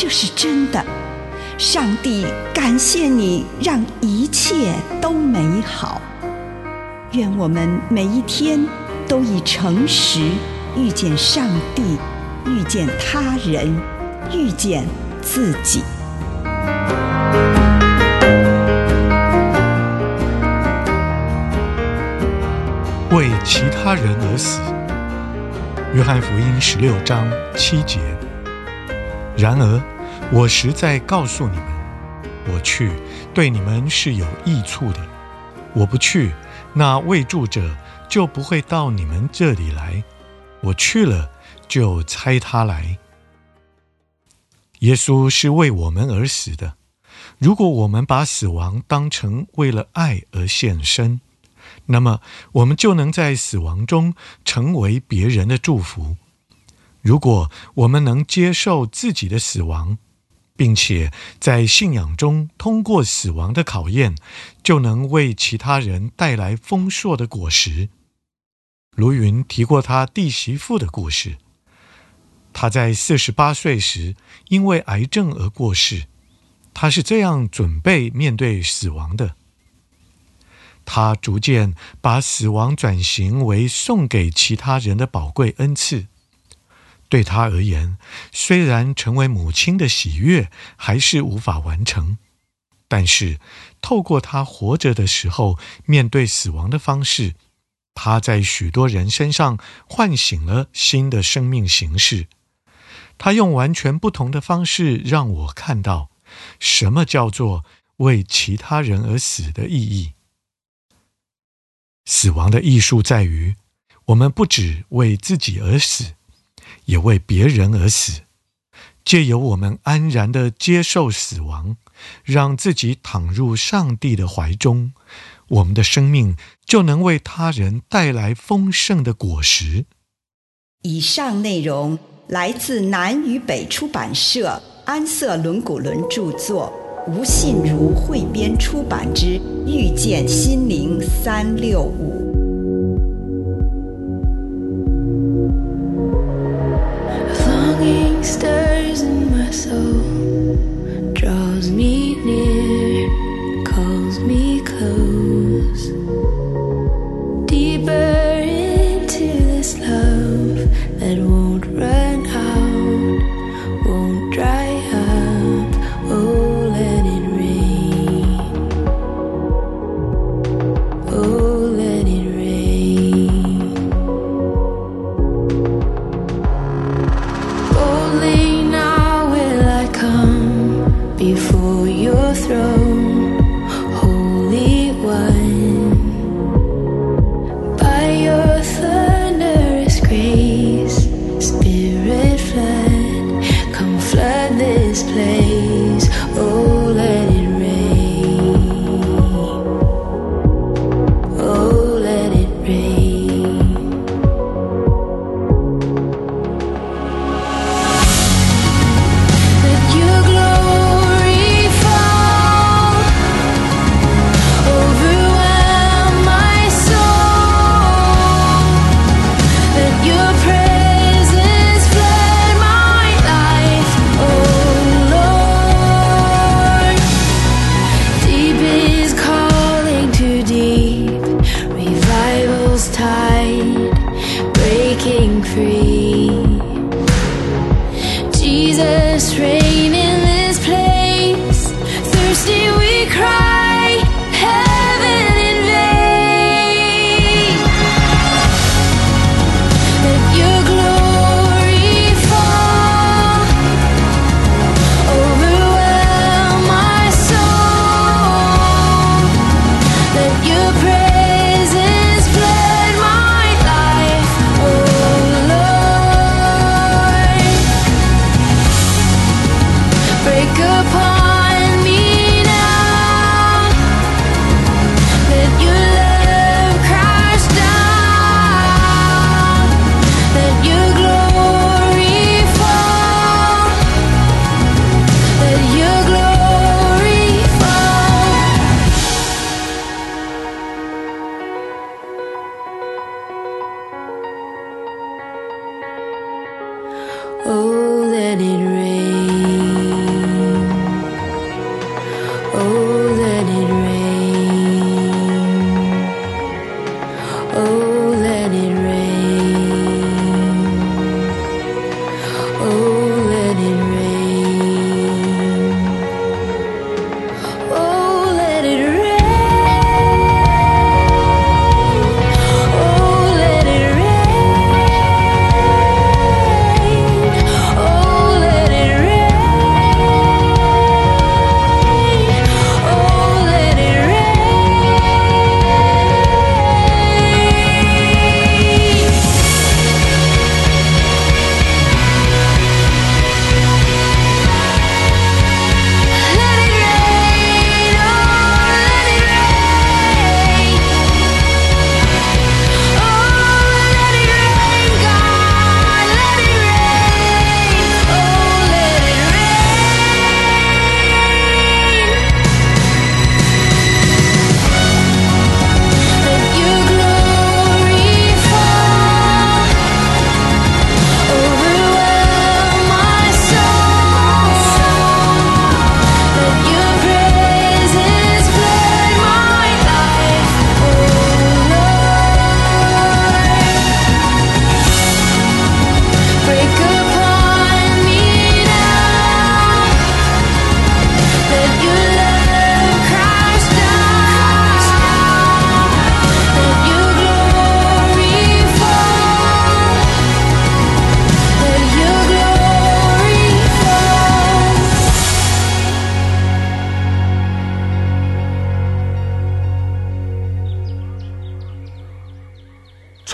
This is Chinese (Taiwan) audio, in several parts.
這是真的，上帝感謝你讓一切都美好。願我們每一天都以誠實遇見上帝，遇見他人，遇見自己。為其他人而死。約翰福音十六章七節。然而，我實在告訴你們，我去對你們是有益處的。我不去，那未住者就不會到你們這裡來。我去了，就差他來。耶穌是為我們而死的。如果我們把死亡當成為了愛而獻身，那麼我們就能在死亡中成為別人的祝福。如果我們能接受自己的死亡，並且在信仰中通過死亡的考驗，就能為其他人帶來豐碩的果實。盧雲提過他弟媳婦的故事，他在四十八歲時因為癌症而過世。他是這樣準備面對死亡的：他逐漸把死亡轉型為送給其他人的寶貴恩賜。對他而言，雖然成為母親的喜悅還是無法完成，但是透過他活着的時候面對死亡的方式，他在許多人身上喚醒了新的生命形式。他用完全不同的方式讓我看到什麼叫做為其他人而死的意義。死亡的藝術在於，我們不只為自己而死。也為別人而死，借由我們安然地接受死亡，讓自己躺入上帝的懷中，我們的生命就能為他人帶來豐盛的果實。以上內容來自南與北出版社安瑟倫古倫著作，吳信如彙編出版之《遇見心靈三六五》。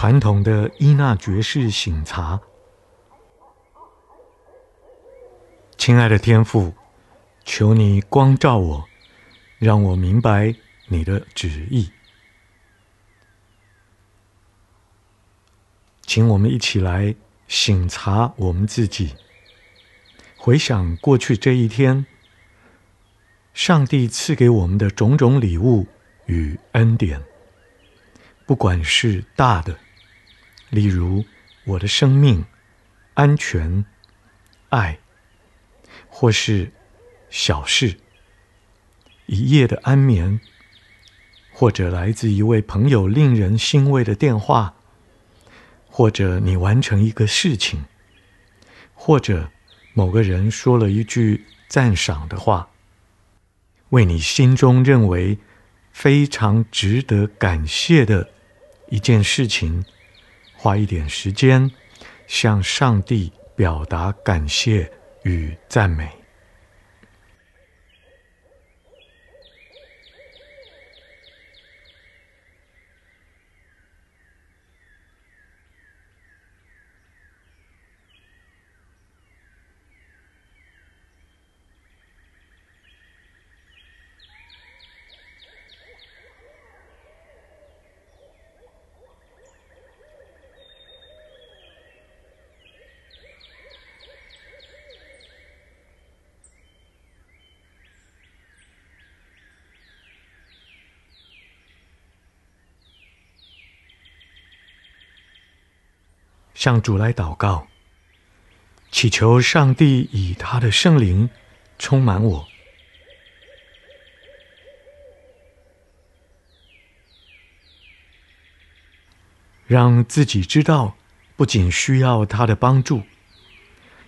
傳統的依納爵式省察。親愛的天父，求你光照我，讓我明白你的旨意。請我們一起來省察我們自己，回想過去這一天，上帝賜給我們的種種禮物與恩典，不管是大的。例如，我的生命、安全、愛，或是小事，一夜的安眠，或者來自一位朋友令人欣慰的電話，或者你完成一個事情，或者某個人說了一句讚賞的話，為你心中認為非常值得感謝的一件事情。花一點時間，向上帝表達感謝與讚美。向主來禱告，祈求上帝以他的聖靈充滿我，讓自己知道不僅需要他的幫助，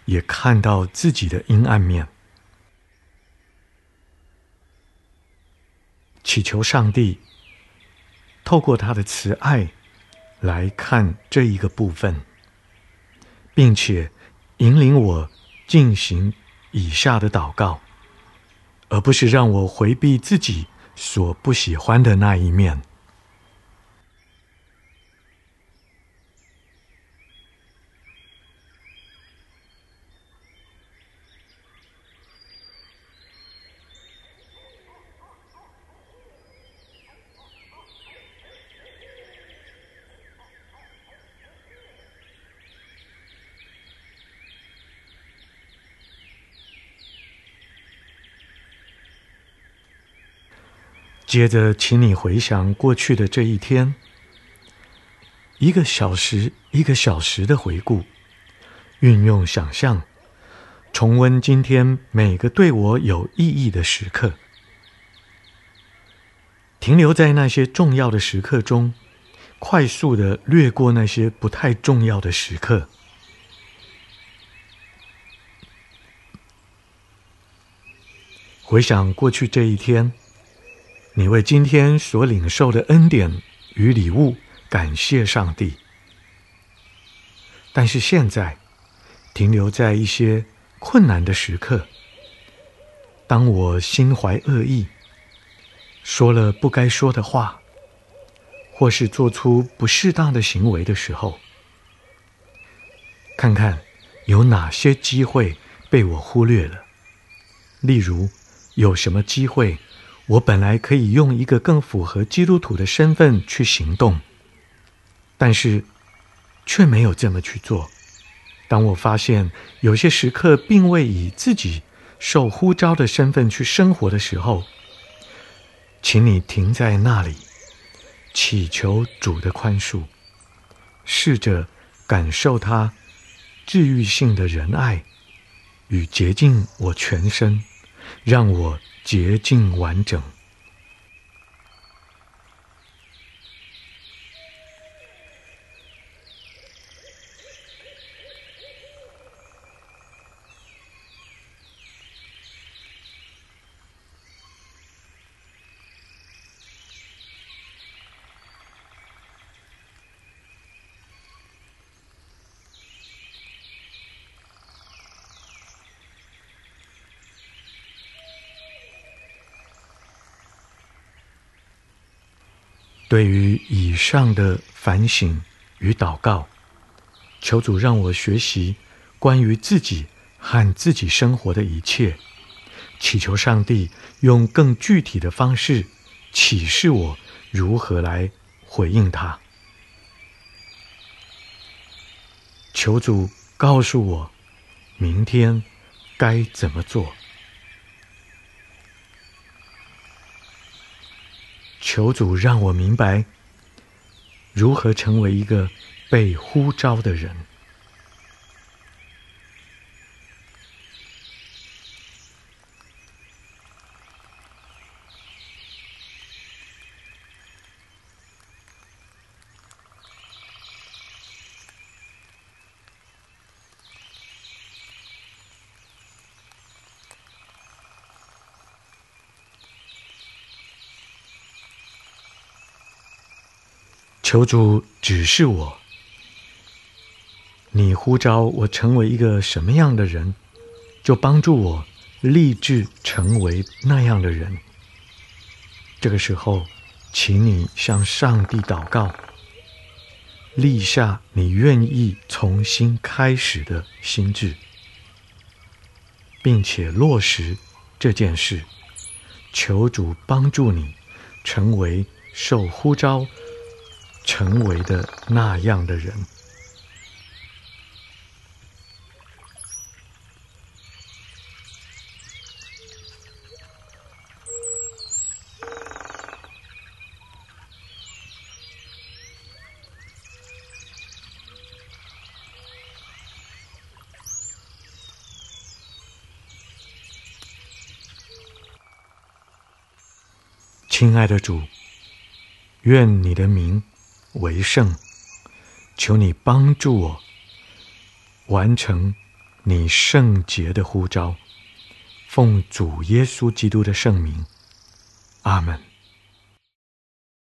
也看到自己的陰暗面。祈求上帝透過他的慈愛來看這一個部分。並且，引領我進行以下的禱告，而不是讓我回避自己所不喜歡的那一面。接着，請你回想過去的這一天，一個小時一個小時的回顧，運用想象，重溫今天每個對我有意義的時刻，停留在那些重要的時刻中，快速的掠過那些不太重要的時刻，回想過去這一天。你為今天所領受的恩典與禮物感謝上帝，但是現在停留在一些困難的時刻。當我心懷惡意，說了不該說的話，或是做出不適當的行為的時候，看看有哪些機會被我忽略了，例如有什麼機會？我本來可以用一個更符合基督徒的身份去行動，但是卻沒有這麼去做。當我發現有些時刻並未以自己受呼召的身份去生活的時候，請你停在那裡，祈求主的寬恕，試着感受他治癒性的仁愛，與潔淨我全身，讓我。潔淨完整。對於以上的反省與禱告，求主讓我學習關於自己和自己生活的一切。祈求上帝用更具體的方式啟示我如何來回應他。求主告訴我，明天該怎麼做。求主讓我明白，如何成為一個被呼召的人。求主指示我，你呼召我成為一個什麼樣的人，就幫助我立志成為那樣的人。這個時候，請你向上帝禱告，立下你願意重新開始的心志，並且落實這件事。求主幫助你成為受呼召。成為的那樣的人，親愛的主，願你的名為聖，求你幫助我完成你聖潔的呼召，奉主耶穌基督的聖名，阿門。